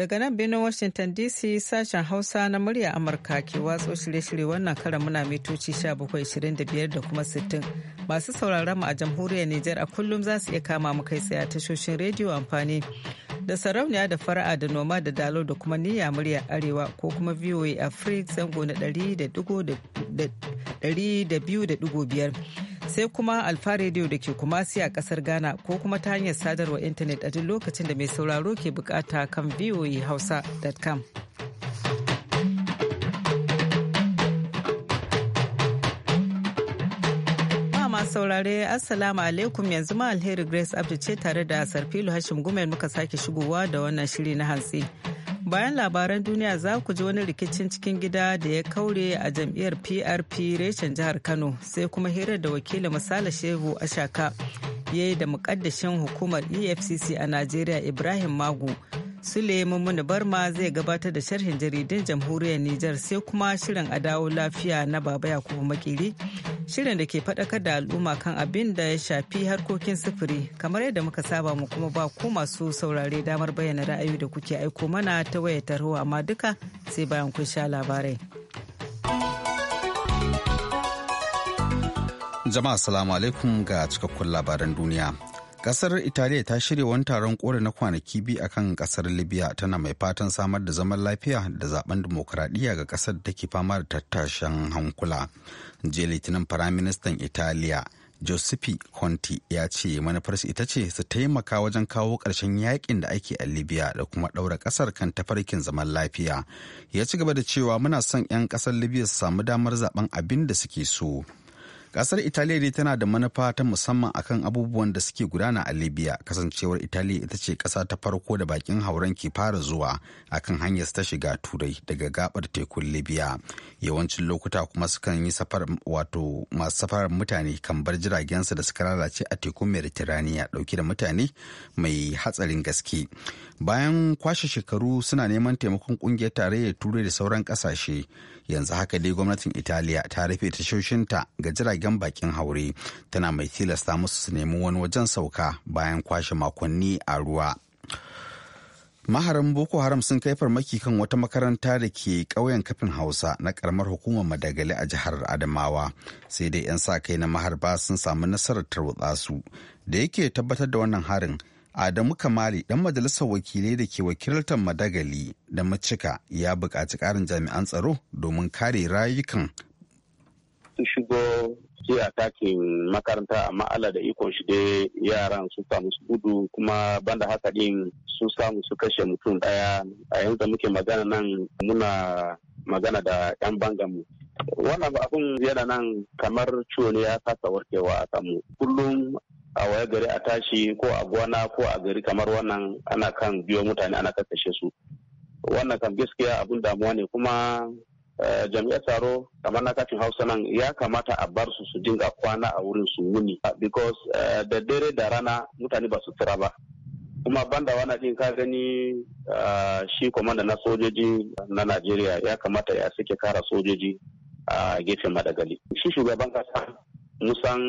Daga nan birnin Washington DC sashen Hausa na murya Amurka ke watso shirye-shirye wannan karan muna mitoci 1725 da kuma 60. Masu sauraron mu a jamhuriyar Nijar a kullum za su iya kama mu kai tsaye a tashoshin rediyo amfani da sarauniya da fara'a da noma da dalo da kuma niyya murya arewa ko kuma VOA Africa zango na 100 da 200. sai kuma alfa radio da ke kumasi a kasar ghana ko kuma ta hanyar sadarwa intanet a duk lokacin da mai sauraro ke bukata kan voahausa.com saurare assalamu alaikum yanzu ma alheri grace abdu ce tare da sarfilu hashim gumel muka sake shigowa da wannan shiri na hantsi. bayan labaran duniya za ku ji wani rikicin cikin gida da ya kaure a jam'iyyar prp reshen jihar kano sai kuma hirar da wakili misala shehu ashaka ya yi da muƙaddashin hukumar efcc a najeriya ibrahim magu Sule Mummuni Barma zai gabatar da sharhin jaridun jamhuriyar Nijar sai kuma shirin a dawo lafiya na Baba Yakubu makiri Shirin da ke faɗakar da al'umma kan abin da ya shafi harkokin sufuri kamar yadda muka saba mu kuma ba ku masu saurare damar bayyana ra'ayi da kuke aiko mana ta wayar tarho amma duka sai bayan kun sha labarai. Jama'a salamu alaikum ga cikakkun labaran duniya. Kasar Italiya ta shirya wani taron kore na kwanaki biyu a kan kasar Libya tana mai fatan samar da zaman lafiya da zaben demokuraɗiyya ga kasar da take fama da tattashen hankula. Jiya Litinin Firaministan Italiya Giuseppe conti ya ce manufarsu ita ce su taimaka wajen kawo ƙarshen yakin da ake a Libya da kuma ɗaura ƙasar kan tafarkin zaman lafiya. Ya ci gaba da cewa muna son 'yan ƙasar Libya su samu damar zaben abin da suke so. Kasar Italiya dai tana da manufa ta musamman akan abubuwan da suke gudana a Libya kasancewar Italiya ita ce ƙasa ta farko da bakin hauren ke fara zuwa akan hanyar ta shiga turai daga gabar tekun Libya. Yawancin lokuta kuma sukan yi safar wato masu safarar mutane kan bar jiragensu da suka lalace a tekun Mediterania dauke da mutane mai hatsarin gaske. bayan kwashe shekaru suna neman taimakon kungiyar tarayyar turai da sauran kasashe yanzu haka dai gwamnatin italiya ta rufe tashoshinta ga jiragen bakin haure tana mai tilasta musu su nemi wani wajen sauka bayan kwashe makonni a ruwa maharan boko haram sun kai farmaki kan wata makaranta da ke ƙauyen kafin hausa na karamar hukumar madagali a jihar adamawa sai dai 'yan sa kai na maharba sun samu nasarar tarwatsa su da yake tabbatar da wannan harin Adamu Kamali dan majalisar wakilai da ke wakiltar Madagali da Macika ya buƙaci ƙarin jami'an tsaro domin kare rayukan. Su shigo jiya takin makaranta amma Allah da ikon shi dai yaran su samu su gudu kuma banda haka din su samu su kashe mutum ɗaya, a yanzu muke magana nan muna magana da ƴan bangamu wannan abun yana nan kamar ciwo ne ya kasa warkewa a samu kullum a waya gari a tashi ko a gona ko a gari kamar wannan ana kan biyo mutane ana kakkashe su wannan kam gaskiya abin damuwa ne kuma eh, jami'ar tsaro kamar na kafin hausa nan ya kamata a bar su su dinga kwana a wurin su wuni because eh, da dare da rana mutane ba su tsira ba kuma banda wani din ka gani eh, shi kwamanda na sojoji na najeriya ya kamata ya sake kara sojoji a gefen madagali shi shugaban kasa musan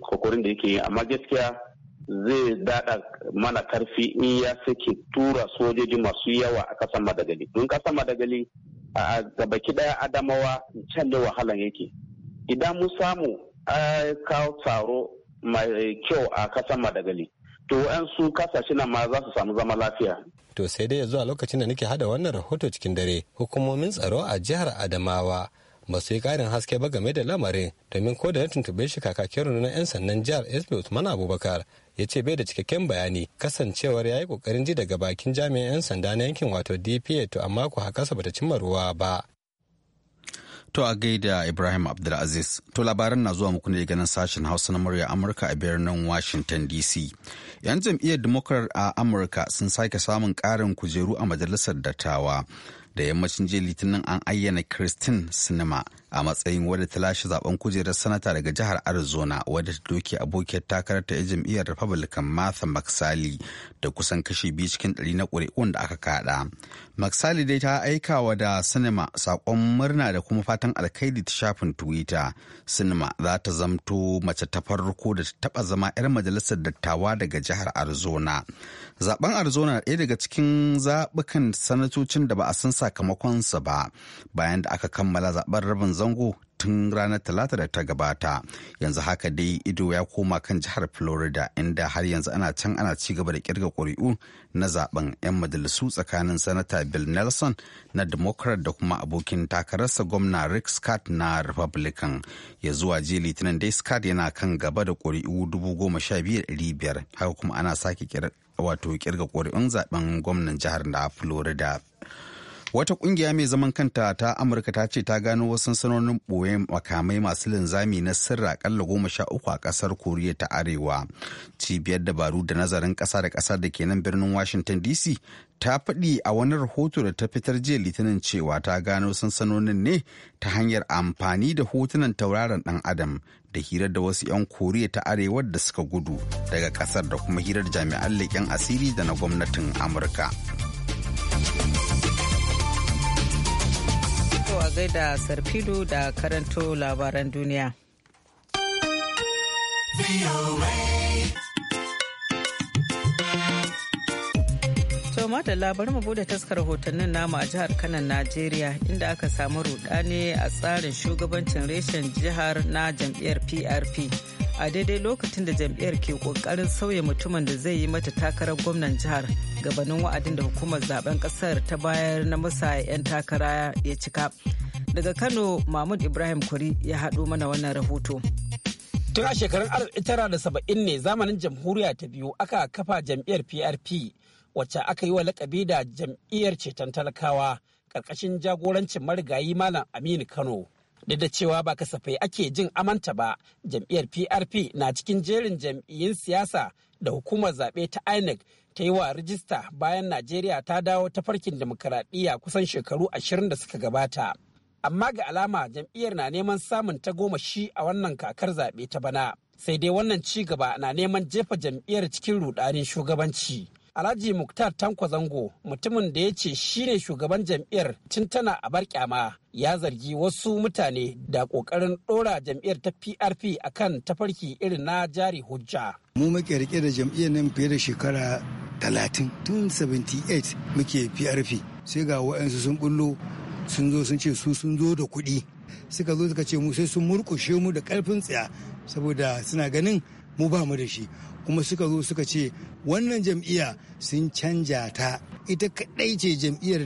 kokorin da yake amma gaskiya zai dada mana karfi in ya sake tura sojoji masu yawa a kasan madagali don kasan madagali a gabaki daya adamawa can da wahalan yake idan mun samu kawo tsaro mai kyau a kasan madagali to su kasashe na ma za su samu zama lafiya to sai dai zuwa lokacin da nake hada wannan rahoto cikin dare hukumomin tsaro a jihar adamawa ba su yi karin haske ba game da lamarin domin ko da na tuntube shi kakakin rundunar 'yan sannan jihar sb usman abubakar ya ce bai da cikakken bayani kasancewar ya yi kokarin ji daga bakin jami'an 'yan sanda na yankin wato dpa to amma ko hakasa bata cimma ruwa ba To a gaida Ibrahim Abdulaziz. To labaran na zuwa muku ne daga nan sashen Hausa na murya Amurka a birnin Washington DC. 'Yan jam'iyyar Democrat a Amurka sun sake samun karin kujeru a majalisar dattawa da yammacin jiya litinin an ayyana kristin sinima a matsayin wadda ta lashe zaben kujerar sanata daga jihar arizona wadda ta doke abokiyar takarar ta jam'iyyar republican martha mcsally da kusan kashi biyu cikin ɗari na ƙuri'un da aka kada mcsally dai ta aika wa da sinima saƙon murna da kuma fatan alkaidi ta shafin twitter sinima za ta zamto mace ta farko da ta taɓa zama 'yar majalisar dattawa daga jihar arizona zaben arizona ɗaya daga cikin zaɓukan sanatocin da ba a san sakamakonsa ba bayan da aka kammala zaben rabin zango tun ranar talata da ta gabata yanzu haka dai ido ya koma kan jihar florida inda har yanzu ana can ana ci gaba da kirga ƙuri'u na zaben 'yan majalisu tsakanin sanata bill nelson na democrat da kuma abokin takararsa gwamna rick scott na republican ya zuwa ji litinin dai scott yana kan gaba da ƙuri'u biyar haka kuma ana sake wato kirga ƙuri'un zaben gwamnan jihar da florida wata kungiya mai zaman kanta ta amurka ta ce ta gano wasu sanonin ɓoye makamai masu linzami na sirra akalla goma sha uku a ƙasar koriya ta arewa cibiyar dabaru da nazarin ƙasa da ƙasa da ke nan birnin washington dc ta faɗi a wani rahoto da ta fitar jiya litinin cewa ta gano sansanonin ne ta hanyar amfani da hotunan tauraron ɗan adam da hirar da wasu 'yan koriya ta arewa da suka gudu daga kasar da kuma hirar jami'an leƙen asiri da na gwamnatin amurka a gaida da karanto labaran duniya. da labar mu bude taskar hotonnin namu a jihar kanan najeriya inda aka samu rudani a tsarin shugabancin reshen jihar na jam'iyyar prp a daidai lokacin da jam'iyyar ke kokarin sauya mutumin da zai yi mata takarar gwamnan jihar gabanin wa'adin da hukumar zaben kasar ta bayar na musa 'yan takara ya cika daga kano mahmud ibrahim kuri ya haɗo mana wannan rahoto tun a shekarun 1970 ne zamanin jamhuriya ta biyu aka kafa jam'iyyar prp wacce aka yi wa lakabi da jam'iyyar ceton talakawa ƙarƙashin jagorancin marigayi malam aminu kano duk da cewa ba kasafai ake jin amanta ba jam'iyyar prp na cikin jerin jam'iyyun siyasa da hukumar zaɓe ta inec ta yi wa rijista bayan najeriya ta dawo ta farkin demokaradiyya kusan shekaru ashirin da suka gabata amma ga alama jam'iyyar na neman samun ta goma shi a wannan kakar zaɓe ta bana sai dai wannan ci gaba na neman jefa jam'iyyar cikin rudanin shugabanci Alhaji Muktar Tanko Zango mutumin da ya ce shine shugaban jam'iyyar tun tana a bar ya zargi wasu mutane da kokarin ɗora jam'iyyar ta PRP akan tafarki irin na jari hujja. Mu muke rike da jam'iyyar nan fiye da shekara talatin tun 78 muke PRP sai ga wa'ansu sun bullo sun zo sun ce su sun zo da kuɗi suka zo suka ce mu sai sun murkushe mu da ƙarfin tsaya saboda suna ganin mu ba mu da shi kuma suka zo suka ce wannan jam'iyya sun canja ta ita kaɗai ce jam'iyyar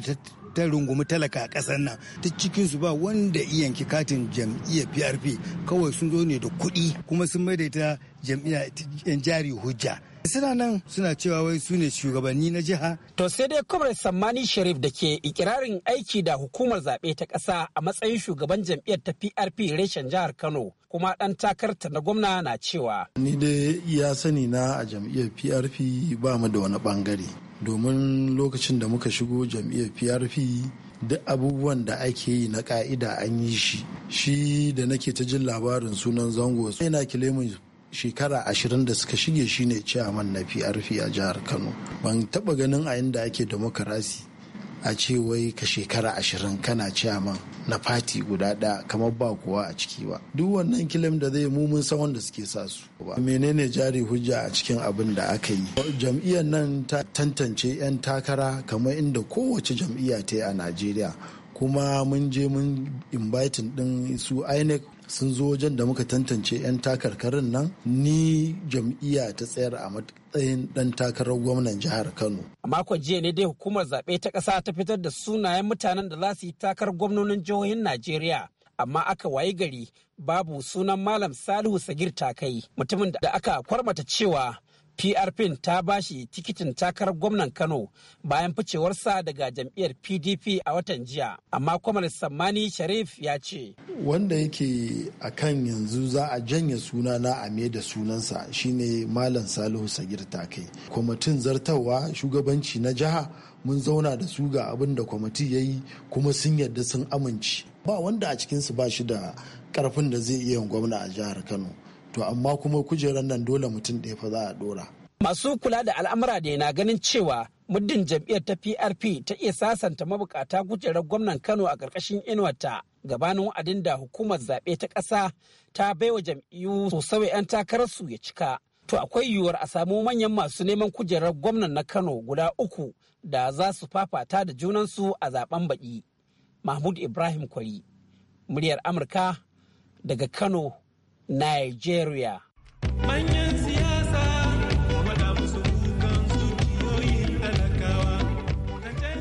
ta rungumi talaka a ƙasar nan ta cikin su ba wanda yanki katin jam'iyyar PRP kawai sun zo ne da kuɗi kuma sun da ita jam'iyyar yan jari hujja suna nan suna cewa wai su ne shugabanni na jiha. To sai dai kwamar Sammani Sharif da ke ikirarin aiki da hukumar zaɓe ta ƙasa a matsayin shugaban jam'iyyar ta PRP reshen jihar Kano kuma ɗan takarta na gwamna na cewa. Ni dai ya sani na a jam'iyyar PRP ba mu da wani ɓangare. domin lokacin da muka shigo jam'iyyar prp duk abubuwan da ake yi na ka'ida an yi shi shi da nake ta jin labarin sunan zango yana kilemin shekara ashirin da suka shige shine ciyaman na prp a jihar kano ban taba ganin a inda ake demokarasi a ce wai ka shekara ashirin kana man na fati guda ɗaya kamar ba kuwa a ciki ba duk wannan kilim da zai mu mun san wanda suke sa su ba menene jari hujja a cikin abin da aka yi jam'iyyar nan ta tantance 'yan takara kamar inda kowace jam'iyya ta yi a najeriya kuma mun je mun inviting din su inec sun zo wajen da muka tantance 'yan takarkarin nan ni jam'iyya ta tsayar a matsayin dan takarar gwamnan jihar kano a makon jiya ne dai hukumar zaɓe ta ƙasa ta fitar da sunayen mutanen da za su yi takar gwamnonin jihohin najeriya amma aka wayi gari babu sunan malam salihu sagir takai mutumin da aka kwarmata cewa PRP ta bashi tikitin takarar gwamnan Kano bayan ficewarsa daga jam'iyyar PDP a watan jiya. Amma kwamar Sammani Sharif ya ce. Wanda yake a kan yanzu za a janye suna a me da sunansa shine Malam Salihu Sagir Takai. Kwamitin zartawa shugabanci na jiha mun zauna da su ga abin da kwamiti yayi kuma sun yarda sun amince. Ba wanda a cikinsu ba shi da karfin da zai iya gwamna a jihar Kano. to amma kuma kujeran nan dole mutum ɗaya fa za a ɗora. masu kula da al'amura ne na ganin cewa muddin jam'iyyar ta prp ta iya sasanta mabukata kujerar gwamnan kano a ƙarƙashin inuwarta gabanin wa'adin da hukumar zaɓe ta ƙasa ta baiwa jam'iyyu sosai 'yan takararsu ya cika to akwai yiwuwar a samu manyan masu neman kujerar gwamnan na kano guda uku da za su fafata da junansu a zaben baƙi mahmud ibrahim kwari muryar amurka daga kano Nigeria. Manyan siyasa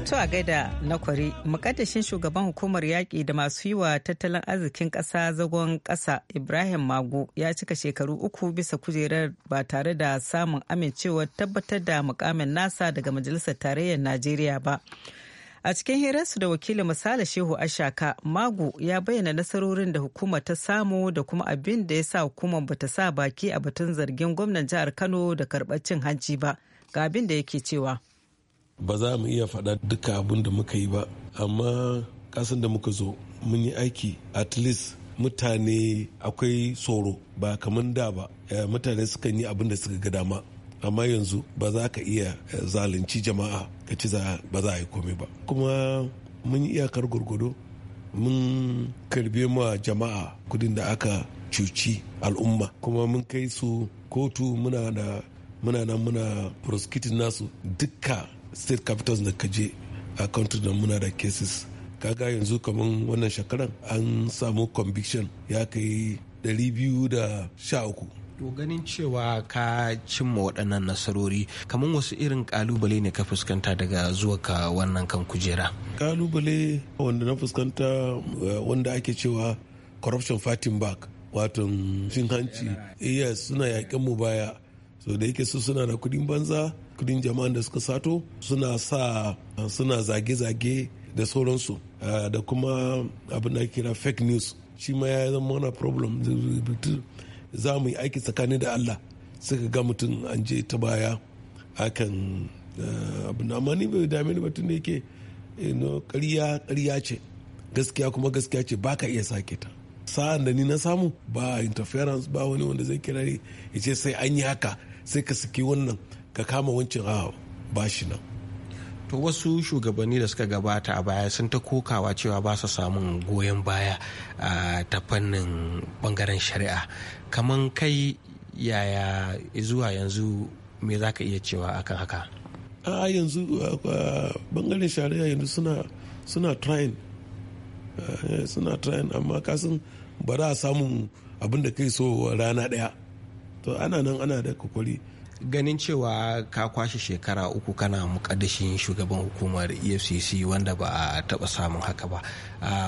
To a gaida na kwari, mukaddashin shugaban hukumar yaƙi da masu yi wa tattalin arzikin ƙasa zagon ƙasa Ibrahim Mago ya cika shekaru uku bisa kujerar ba tare da samun amincewar tabbatar da mukamin nasa daga Majalisar Tarayyar Najeriya ba. A cikin hirarsu da wakilin misali Shehu Ashaka, Magu ya bayyana nasarorin da hukuma ta samu da kuma abin da ya sa hukumar bata sa baki a batun zargin gwamnan jihar Kano da karɓar cin hanci ba. Ga abin da yake cewa. Ba za mu iya faɗa duka abin da muka yi ba, amma kasan da muka zo mun yi aiki at least mutane akwai tsoro ba kamar da ba eh, mutane sukan yi abin da suka ga dama amma yanzu ba za ka iya eh, zalunci jama'a ka ci ba za a yi komai ba kuma mun yi iyakar gurgudo mun karbe ma jama'a kudin da aka cuci al'umma kuma mun kai su kotu muna da muna nan muna prosecuting nasu dukka state capitals da kaje a country da muna da cases kaga yanzu kamar wannan shekaran an samu conviction ya kai 213 To ganin cewa ka cimma waɗannan nasarori kamar wasu irin kalubale ne ka fuskanta daga zuwa ka wannan kan kujera. Kalubale wanda na fuskanta eh, wanda ake cewa corruption fighting back wato cin hanci iya suna yaƙen mu baya so da yake su suna da kudin banza kudin jama'an da suka sato suna sa suna zage-zage da sauransu eh, da kuma abin da kira fake news shi ma ya zama wani problem za mu yi aiki tsakanin da allah suka ga mutum an je ta baya hakan eh, na amma ni bai dame ni batun da yake eh, ƙarya ƙarya ce gaskiya kuma gaskiya ce ba ka iya sake ta sa'an da ni na samu ba interference ba wani wanda zai kira ya ce sai an yi haka sai ka saki wannan ka kama wancan a ba shi nan to wasu shugabanni da suka gabata a baya sun ta kokawa cewa ba su samun goyon baya a ta fannin bangaren shari'a kamar kai yaya zuwa yanzu me za ka iya cewa akan haka a yanzu bangaren shari'a yanzu suna suna trying suna trying amma kasan ba za a samun abin da kai so rana daya to ana nan ana da kokari ganin cewa ka kwashe shekara uku kana mukaddashin shugaban hukumar efcc wanda ba a taba samun haka ba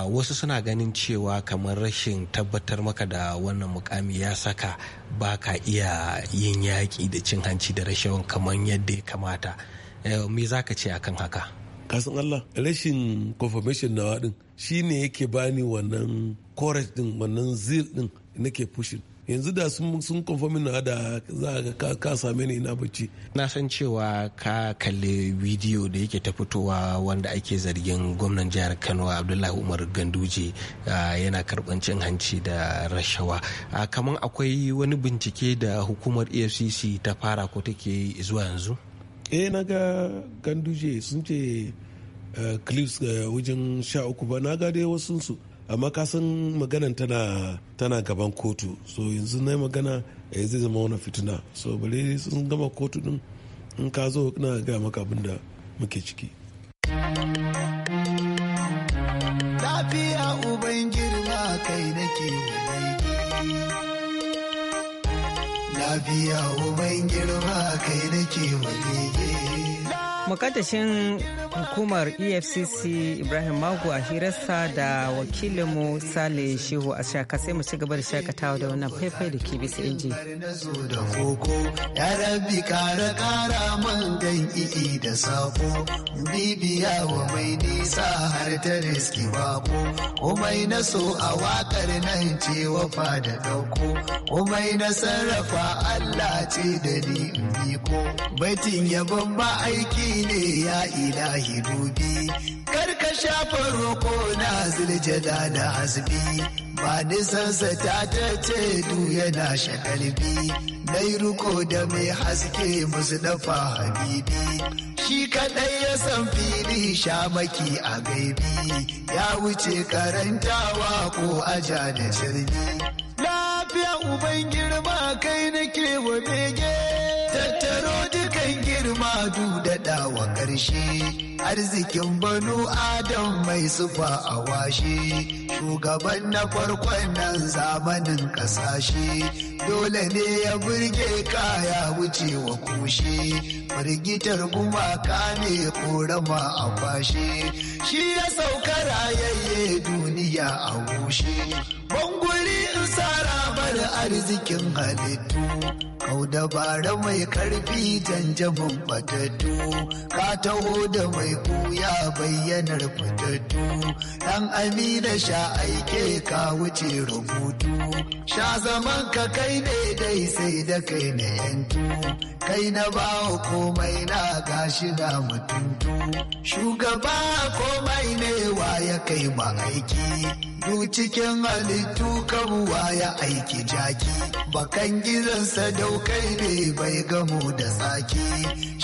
wasu suna ganin cewa kamar rashin tabbatar maka da wannan mukami ya saka ba ka iya yin yaƙi da cin hanci da rashawan kamar yadda ya kamata eh, me za ka ce akan haka kasan allah rashin confirmation na waɗin shine yake bani wannan courage din wannan zil din nake pushing yanzu da sun sun confirm na da za ka ka same ni na bacci na san cewa ka kalli bidiyo da yake ta fitowa wanda ake zargin gwamnan jihar Kano Abdullahi Umar Ganduje yana karban cin hanci da rashawa kamar akwai wani bincike da hukumar EFCC ta fara ko take zuwa yanzu eh na ga Ganduje sun ce eh, clips eh, wajen sha uku ba na ga dai wasu su amma ka san maganan tana tana gaban kotu so yanzu na magana eh, zai zama wani fitina so bari sun gama kotu din in ka zo na ga maka abin da muke ciki lafiya uban girma kai nake lafiya uban girma kai nake hukumar efcc ibrahim magu a hirarsa da wakilinmu sale shehu a shaka sai mu ci gaba da shakatawa da wannan faifai da ke bisa inji da sako bibiya wa mai nisa har ta riski bako komai na so a wakar nan ce wafa da dauko komai na sarrafa allah ce da ni in biko baitin yabon ba aiki ne ya ilahi rubi karka kar ka shafa roko na ziljada da azbi ba nisansa ta ta ce du yana shakalbi mai ruko da mai haske musu dafa habibi shi kaɗai ya san fili shamaki a gaibi ya wuce karantawa ko aja da sirbi lafiya uban girma kai nake wa bege tattaro ma dudada wa ƙarshe arzikin banu adam mai sufa a washe shugaban na farkon nan zamanin ƙasashe dole ne ya burge kaya wa kushe firgitar gumaka ne korama a kwashe shi ya sauka rayayye duniya a bushe sarabar arzikin halittu kau dabara mai karfi janjamin fatattu ka taho da mai kuya bayyanar fatattu dan amina sha aike ka wuce rubutu sha zaman ka kai daidai sai da kai na yantu kai na bawa komai na ga na mutuntu shugaba komai ne wa ya kai ma aiki du cikin halittu kabuwa baya aiki jaki bakan gidansa daukai ne bai gamo da tsaki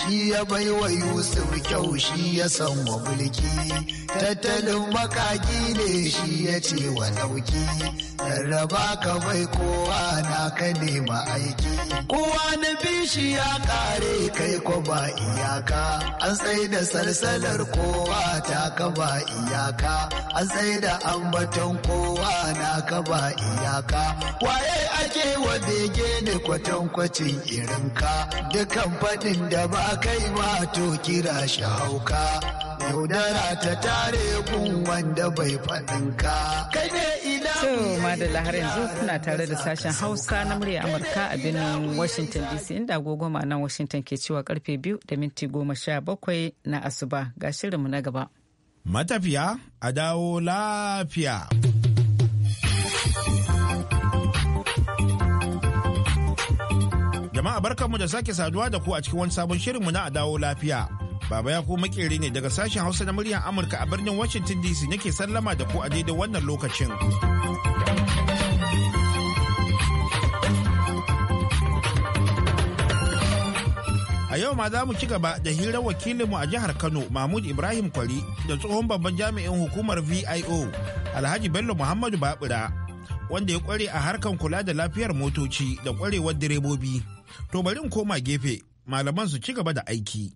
shi ya bai wa yusuf kyau shi ya san wa mulki tattalin makaki ne shi ya ce wa dauki rarraba ka bai kowa na ka nema aiki kowa na bishi ya kare kai ko ba iyaka an sai da salsalar kowa ta ka ba iyaka an sai da ambaton kowa na ka ba iyaka haka waye ake wa ya ne kwatankwacin irinka dukan faɗin da ba kai ma to kira shi hauka yaudara ta tare kun wanda bai faɗinka kai ne To Madalla har yanzu kuna tare da sashen Hausa na murya Amurka a birnin Washington DC inda agogo nan Washington ke cewa karfe biyu da minti goma sha bakwai na asuba ga shirinmu na gaba. Matafiya a dawo lafiya. Jama'a barkanmu da sake saduwa da ku a cikin wani sabon shirinmu na dawo lafiya. Baba ya ku makere ne daga sashen Hausa na muryar Amurka a birnin Washington DC nake sallama da ku a daidai wannan lokacin. A yau ma za mu ci gaba da hirar wakilinmu a jihar Kano Mahmud Ibrahim Kwari da tsohon babban jami'in hukumar VIO Alhaji Bello Muhammadu Babura wanda ya kware a harkan kula da lafiyar motoci da kwarewar direbobi. to bari in koma gefe malaman su ci gaba da aiki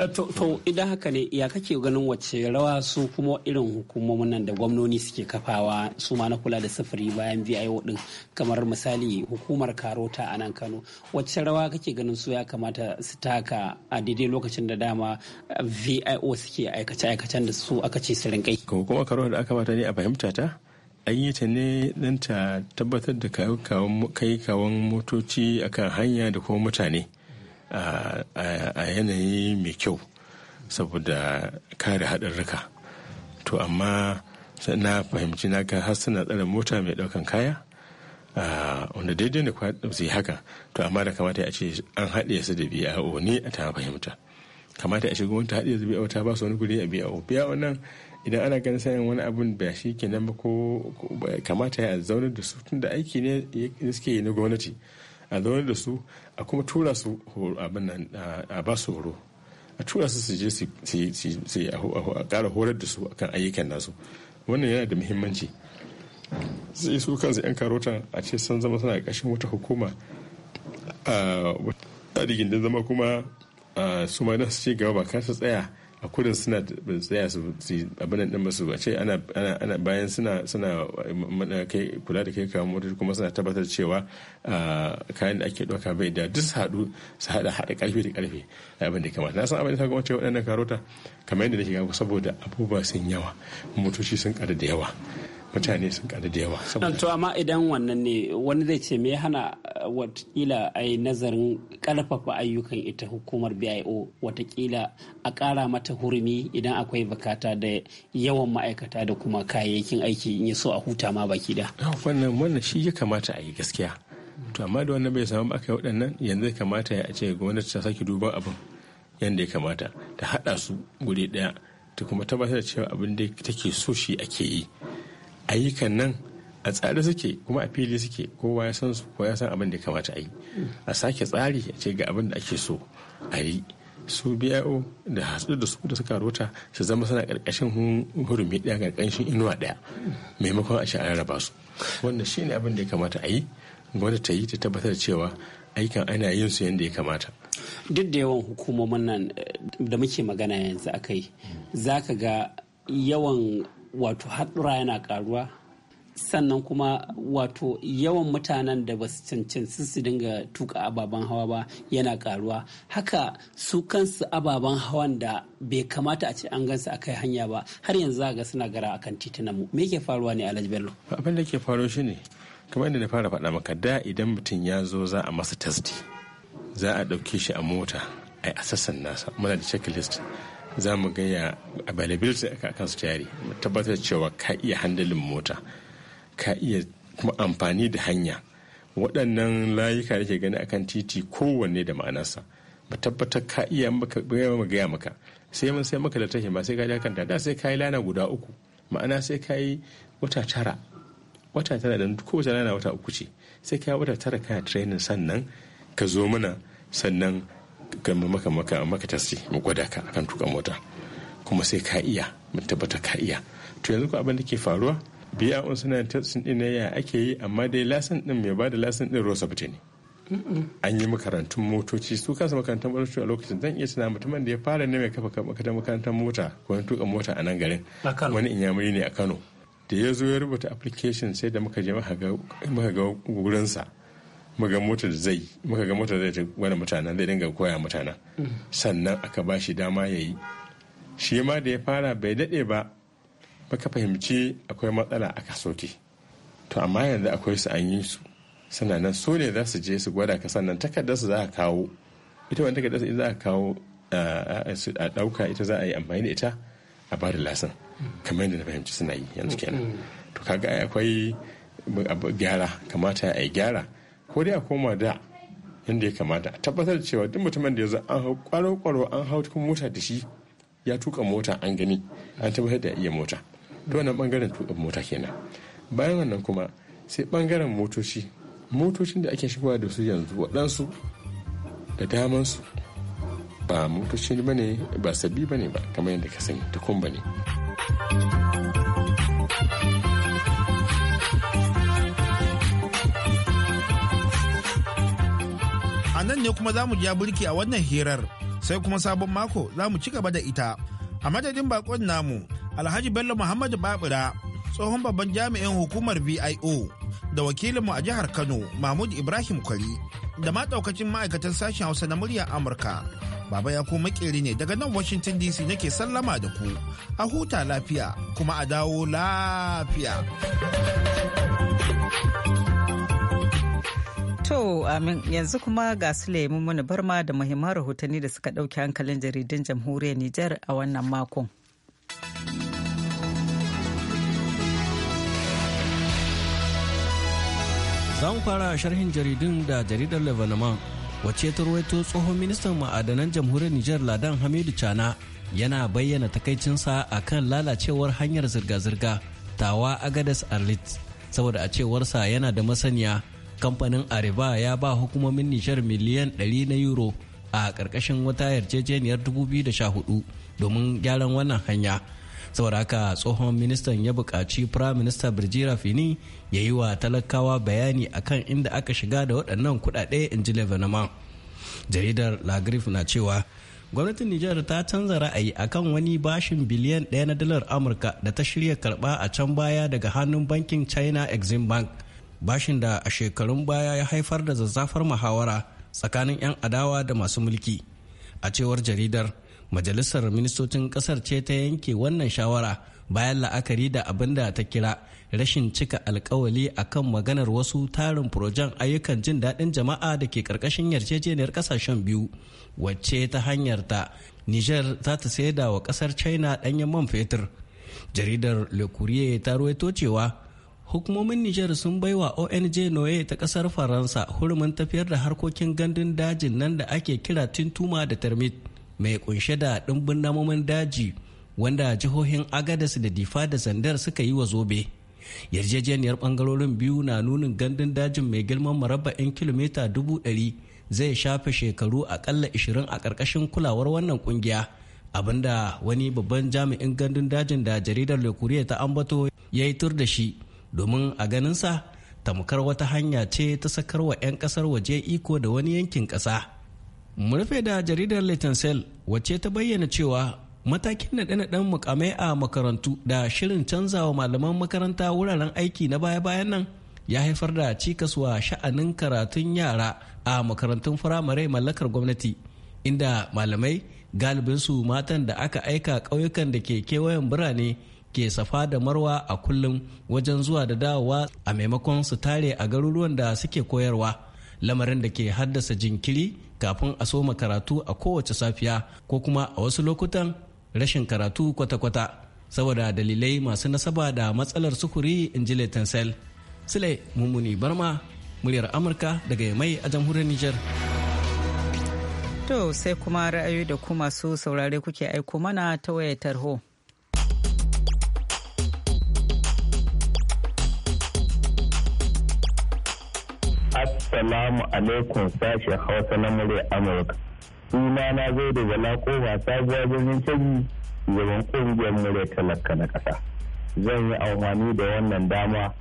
eh, to idan haka ne ya kake ganin wace rawa su kuma irin hukumomin nan da gwamnoni suke kafawa su ma na kula da sufuri bayan vio din kamar misali hukumar karota a nan kano wace rawa kake ganin su ya kamata su taka a daidai lokacin da dama eh, vio suke aikace-aikacen da su aka ce su rinkai kuma karota da aka mata ne a fahimta ta an yi ta ne don ta tabbatar da kai kawon motoci akan hanya da kuma mutane a yanayi mai kyau saboda kare haɗarruka to amma na fahimci na ga har suna tsare mota mai ɗaukan kaya wanda daidai da su yi haka to amma da kamata a ce an haɗe su da biya ne a ta fahimta kamata a ce gwamnati haɗe su biya ta ba su wani guri a biya biya wannan idan ana ganin sanin wani abun ba shi kenan ba ko kamata ya zaunar da su tun da aiki ne suke yi na gwamnati a zaunar da su a kuma tura su abin nan a ba su horo a tura su su je su kara horar da su akan ayyukan nasu wannan yana da muhimmanci sai su kansu 'yan karota a ce sun zama suna ƙashin wata hukuma a rigindin zama kuma su ma su ce gaba ba kasa tsaya a kudin suna tsaya su abinan din masu a ce ana bayan suna suna kula da kai kawo motoci kuma suna tabbatar cewa kayan da ake ɗauka bai da duk haɗu su haɗa haɗa ƙarfi da ƙarfi abin da kamata na san abin da ta gwamnati waɗannan karota kamar yadda ke gago saboda abubuwa sun yawa motoci sun ƙara da yawa mutane sun kada da yawa to amma idan wannan ne wani zai ce me hana uh, watakila a yi nazarin karfafa ayyukan ita hukumar bio watakila a kara mata hurumi idan akwai bukata da yawan ma'aikata da kuma kayayyakin aiki in ya so a huta ma baki da ah, wannan wannan shi ya kamata a yi gaskiya to amma da wannan bai samu aka yi waɗannan yanzu ya kamata ya ce gwamnati ta sake duban abin yadda ya kamata ta haɗa su guri ɗaya ta kuma tabbatar da cewa abin da take so shi ake yi ayyukan nan a tsare suke kuma a fili suke kowa ya san su ko ya san abin da ya kamata a yi a sake tsari a ce ga abin da ake so a yi su bio da hatsu da su da suka rota su zama suna karkashin hurumi daya karkashin inuwa ɗaya maimakon a ce an raba su wanda shi ne abin da ya kamata a yi wanda ta yi ta tabbatar cewa aikin ana yin su yadda ya kamata duk da yawan hukumomin nan eh, da muke magana yanzu akai za ka ga yawan wato haɗura yana ƙaruwa sannan kuma wato yawan mutanen da ba su cancanci su dinga tuka ababen hawa ba yana ƙaruwa haka su kansu ababen hawan da bai kamata a ce an gansu a kai hanya ba har yanzu za ga suna gara akan titunan mu me ke faruwa ne alhaji bello abin da ke shi ne kamar yadda na fara faɗa maka da idan mutum ya zo za a masa tasti za a ɗauke shi a mota a yi assassin nasa muna da checklist za mu gaya availability a kan su tayari mu tabbatar cewa ka iya handalin mota ka iya kuma amfani da hanya waɗannan layuka da ke gani akan titi kowanne da ma'anarsa ba tabbatar ka iya maka gaya maka sai mun sai maka littafi ba sai ka ja kanta da sai ka yi lana guda uku ma'ana sai ka yi wata tara wata tara da kowace lana wata uku ce sai ka yi wata tara kana training sannan ka zo mana sannan gama maka maka maka tasi mu gwada ka kan tuka mota kuma sai ka iya mun tabbata ka iya to yanzu ko abin da ke faruwa biya un suna tasin din ya ake yi amma dai lasin din mai bada lasan din rosa ne an yi makarantun motoci su kansu makarantar motoci a lokacin zan iya tuna mutumin da ya fara ne mai kafa makarantar mota ko tuka mota a nan garin wani inyamuri ne a kano da ya zo ya rubuta application sai da muka je muka ga wurinsa muka zai muka ga mota zai zai wani mutanen zai dinga koya mutanen sannan aka ba shi dama ya yi shi ma da ya fara bai daɗe ba baka fahimci akwai matsala aka soke to amma yanzu akwai su an yi su sannan so ne za su je su gwada ka sannan takardar su za a kawo ita wani takardar su za a kawo a ɗauka ita za a yi amfani da ita a ba da lasan kamar yadda na fahimci suna yi yanzu kenan mm. to kaga akwai gyara kamata a yi gyara ko dai a koma da yadda ya kamata a tabbatar da cewa duk mutumin da ya an hau kwaro-kwaro an hau tukun mota da shi ya tuka mota an gani an tabbatar da iya mota to wannan bangaren tuka mota kenan bayan wannan kuma sai bangaren motoci motocin da ake shigowa da su yanzu waɗansu da damansu ba motoci ba ne ba sabbi ba ne ba kamar yadda ka sani tukun ba ne. a nan ne kuma za mu ja burki a wannan hirar sai kuma sabon mako za mu ci gaba da ita a madadin bakon namu alhaji bello muhammadu babura tsohon babban jami'in hukumar vio da wakilinmu a jihar kano mahmud ibrahim kwari da ma daukacin ma'aikatan sashen hausa na muryar amurka baba ya ko makeri ne daga nan washington dc nake sallama da ku a huta lafiya kuma a dawo lafiya To, amin yanzu kuma ga su mana barma da muhimman rahotanni da suka ɗauki hankalin jaridun jamhuriyar Nijar a wannan makon. Za fara sharhin jaridun da jaridar Lebanon wacce ta ruwaito tsohon ministan ma'adanan jamhuriyar Nijar Ladan Hamidu Chana, yana bayyana takaicinsa a kan lalacewar hanyar zirga-zirga tawa Agadas Arlit saboda a cewarsa yana da masaniya kamfanin areva ya ba hukumomin nishar miliyan 100 na euro a karkashin wata yarjejeniyar 2014 domin gyaran wannan hanya saboda haka tsohon ministan ya buƙaci prime minister birjira fini ya yi wa talakawa bayani akan inda aka shiga da waɗannan kuɗaɗe in ji lebanon jaridar lagrif na cewa gwamnatin Nijar ta canza ra'ayi akan wani bashin biliyan ɗaya na dalar Amurka da ta shirya karɓa a can baya daga hannun bankin China Exim Bank bashin da a shekarun baya ya haifar da zazzafar muhawara tsakanin 'yan adawa da masu mulki a cewar jaridar majalisar ministocin kasar ce ta yanke wannan shawara bayan la'akari da abin da ta kira rashin cika alkawali kan maganar wasu tarin furojen ayyukan jin daɗin jama'a da ke ƙarƙashin yarjejeniyar ƙasashen biyu wacce ta hanyar ta niger za ta saida wa ƙasar china ɗanyen man fetur jaridar le ta ruwaito cewa hukumomin Nijar sun bai wa ONG Noye ta kasar Faransa hurumin tafiyar da harkokin gandun dajin nan da ake kira Tintuma da Termit mai kunshe da ɗimbin namomin daji wanda jihohin Agadas da Difa da Zandar suka yi wa zobe. Yarjejeniyar bangarorin biyu na nunin gandun dajin mai girman marabba'in kilomita dubu ɗari zai shafe shekaru akalla ishirin a ƙarƙashin kulawar wannan ƙungiya abinda wani babban jami'in gandun dajin da jaridar Le ta ambato ya yi tur da shi. domin a ganinsa tamkar wata hanya ce ta sakar wa 'yan kasar waje iko da wani yankin ƙasa. mu rufe da jaridar Sel wacce ta bayyana cewa matakin naɗe-naɗen mukamai a makarantu da shirin canzawa malaman makaranta wuraren aiki na baya-bayan nan ya haifar da cikas wa sha'anin karatun yara a makarantun firamare mallakar gwamnati inda malamai galibinsu matan da aka aika ƙauyukan da ke kewayen birane ke safa da marwa a kullum wajen zuwa da dawowa a maimakon su tare a garuruwan da suke koyarwa lamarin da ke haddasa jinkiri kafin a soma karatu a kowace safiya ko kuma a wasu lokutan rashin karatu kwata-kwata saboda dalilai masu nasaba da matsalar sufuri in ji sel sile mummuni barma muryar amurka daga mai a jamhuriyar niger to sai kuma ra'ayoyi da ku masu saurare kuke aiko mana ta wayar tarho Assalamu alaikum sashen Hausa na murya Amurka. Suna na zai da bala ko ba zuwa birnin canji gaban ƙungiyar murya talaka na ƙasa. Zan yi amfani da wannan dama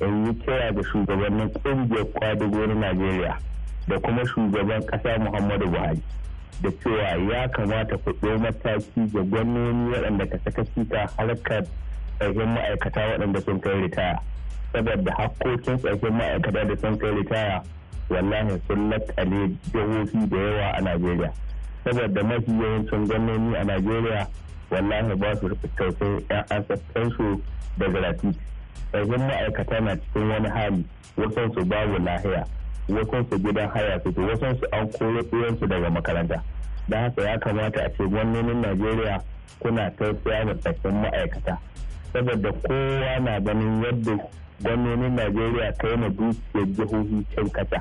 in yi kira da shugabannin ƙungiyar kwadugo na Najeriya da kuma shugaban ƙasa Muhammadu Buhari. Da cewa ya kamata ku ɗau mataki ga gwamnoni waɗanda ka saka cika harkar ƙarshen ma'aikata waɗanda sun kai ritaya. saboda hakkokin tsakin ma'aikata da sun kai ritaya wallahi sun lakale jihohi da yawa a najeriya saboda mafi yawancin gwamnoni a najeriya wallahi ba su tausayin 'yan asafansu da gratuity yanzu ma'aikata na cikin wani hali wasansu babu lahiya wasansu gidan haya suke wasansu an koyo tsoyonsu daga makaranta da haka ya kamata a ce gwamnonin najeriya kuna tausaya da tsakin ma'aikata saboda kowa na ganin yadda gwamnonin najeriya kai ma dukiyar jihohi can kasa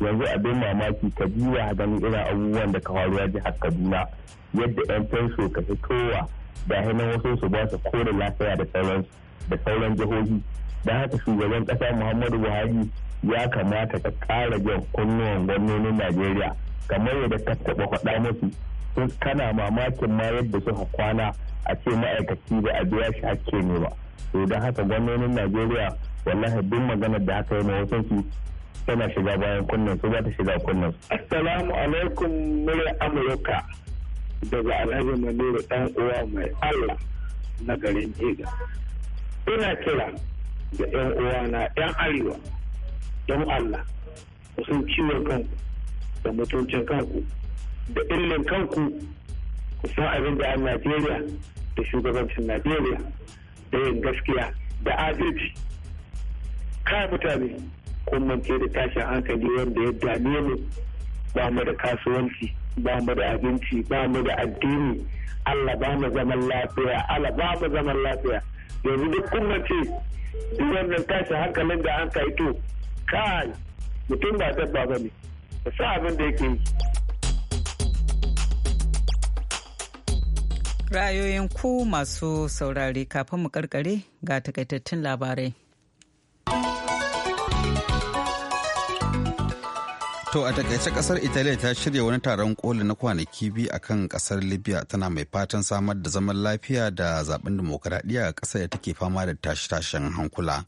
yanzu abin mamaki ka biya ganin irin abubuwan da ka faru a jihar kaduna yadda yan fenso ka fitowa da hannun wasu su ba su kore lafiya da sauran da sauran jihohi don haka shugaban kasa muhammadu buhari ya kamata ka kara jan kunnuwan gwamnonin najeriya kamar yadda ka taɓa faɗa musu sun kana mamakin ma yadda suka kwana a ce ma'aikaci ba a biya shi hakke ne ba to don haka gwamnonin najeriya wallahi duk magana da aka yi na wasan su tana shiga bayan kunnen su za ta shiga kunnen su assalamu alaikum murai amurka daga alhaji maniro ɗan uwa mai allah na garin ega ina kira da yan na yan arewa don allah kusan ciwon kanku da mutuncin kanku da illin kanku kusan abin da a najeriya da shugabancin najeriya da yin gaskiya da adalci kai mutane kun mance da tashin hankali wanda ya dame mu ba mu da kasuwanci ba mu da abinci ba mu da addini Allah ba mu zaman lafiya Allah ba mu zaman lafiya yanzu duk kun mace duk wannan tashin hankalin da an kai to kai mutum ba dabba ba ne da sa abin da yake yi ra'ayoyin ku masu saurari kafin mu karkare ga takaitattun labarai To a takaice kasar Italiya ta shirya wani taron koli na kwanaki biyu a kan kasar Libya tana mai fatan samar da zaman lafiya da zaben demokaradiyya a kasar da take fama da tashe-tashen hankula.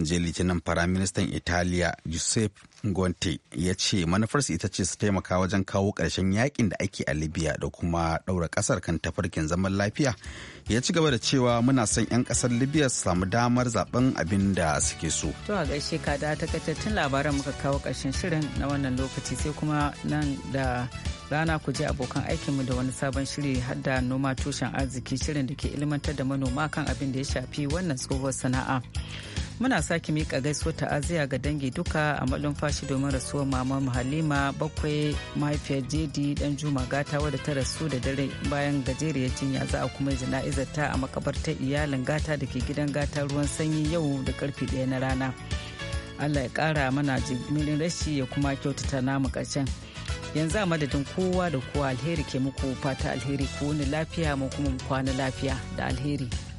Je litinin firaministan Italiya Giuseppe Gonte ya ce manufarsu ita ce su taimaka wajen kawo ƙarshen yakin da ake a Libya da kuma ɗaura kasar kan tafarkin zaman lafiya. Ya ci gaba da cewa muna son 'yan ƙasar Libya su samu damar zaben abin da suke so. To a gaishe ka da takaitattun labaran muka kawo ƙarshen shirin na wannan lokaci sai kuma nan da rana ku je abokan aikinmu da wani sabon shiri har da noma tushen arziki shirin da ke ilmantar da manoma kan abin da ya shafi wannan tsohuwar sana'a. muna sake mika gaisuwar ta'aziyya ga dangi duka a fashi domin rasuwar mama halima bakwai mahaifiyar jedi dan juma gata wadda ta rasu da dare bayan gajeriyar jinya za a kuma jana'izar ta a makabartar iyalin gata da ke gidan gata ruwan sanyi yau da karfe ɗaya na rana allah ya kara mana jimirin rashi ya kuma kyautata namu ƙarshen yanzu a madadin kowa da kowa alheri ke muku fata alheri ku wani lafiya mu kuma kwana lafiya da alheri